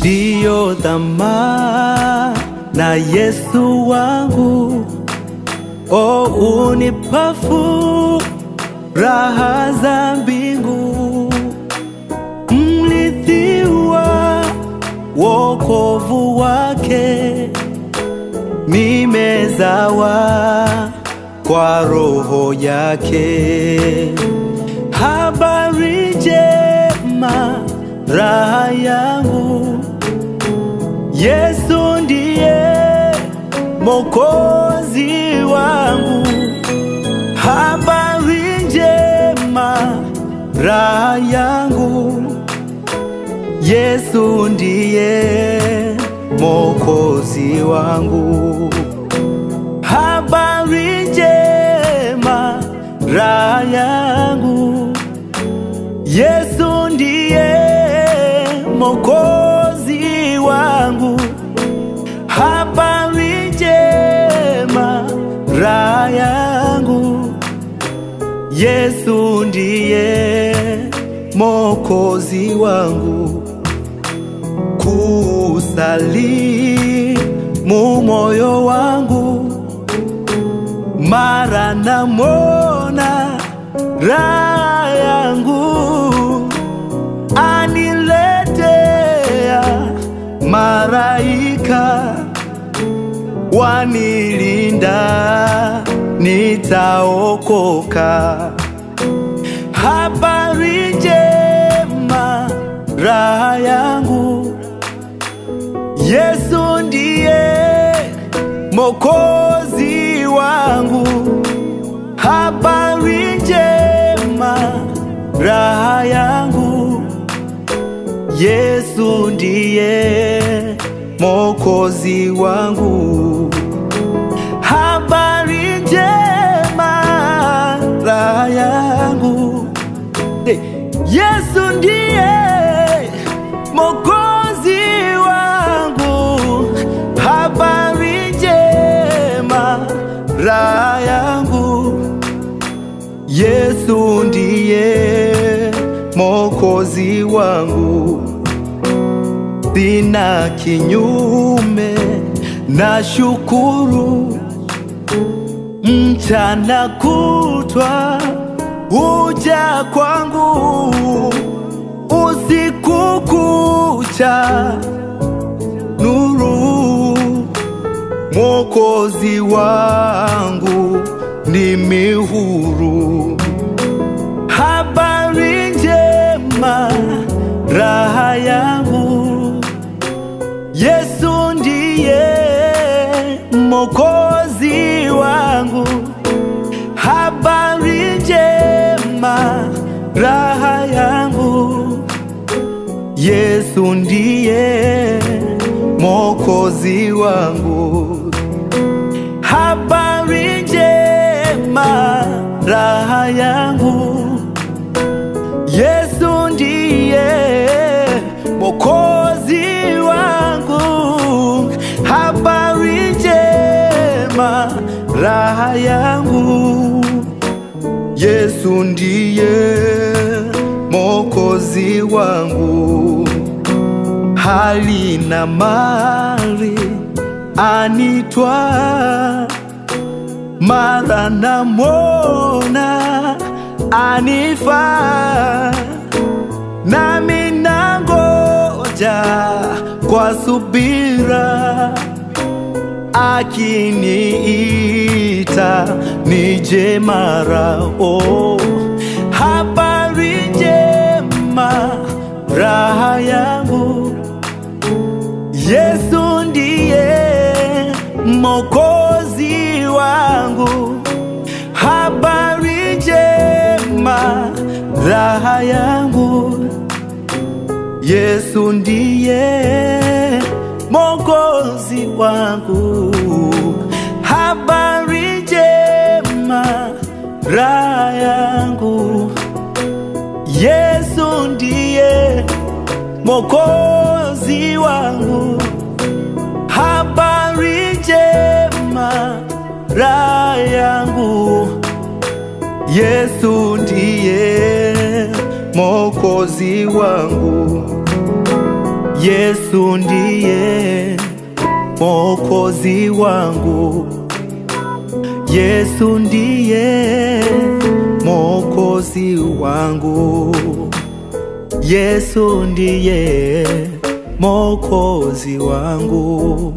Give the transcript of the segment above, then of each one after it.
Ndiyo na Yesu wangu, o unipafu raha za mbingu mlithiu wokovu wake, nimezawa kwa roho yake. Habari njema raha yangu, Yesu ndiye mokozi wangu. Habari njema raha Yesu ndiye mokozi wangu. Habari njema raha yangu, Yesu ndiye mokozi wangu. Habari njema raha yangu, Yesu ndiye mokozi wangu kusalimu moyo wangu, mara namwona raha yangu, aniletea maraika wanilinda, nitaokoka. Habari njema raha yangu Yesu ndiye mokozi wangu, habari njema raha yangu. Yesu ndiye mokozi wangu, habari njema raha yangu. Yesu ndiye Yesu ndiye wangu, sina kinyume, na shukuru mchana kutwa uja kwangu, usiku kucha nuru. mokozi wangu ni mihuru habari njema, raha yangu. Yesu ndiye mokozi wangu, habari njema, raha yangu. Yesu ndiye mokozi wangu, habari njema Yesu ndiye mokozi wangu, hali na mali anitwa, mara na mwona anifa nami nangoja kwa subira akiniita nije mara oh. raha yangu. Yesu ndiye mokozi wangu. Habari njema, raha yangu. Yesu ndiye mokozi wangu. Habari njema, raha yangu. Yesu Mokozi wangu, habari njema rayangu, Yesu ndiye Mokozi wangu, Yesu ndiye Mokozi wangu, Yesu ndiye Mokozi wangu. Yesu ndiye mokozi wangu,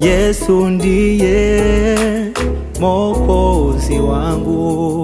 Yesu ndiye mokozi wangu.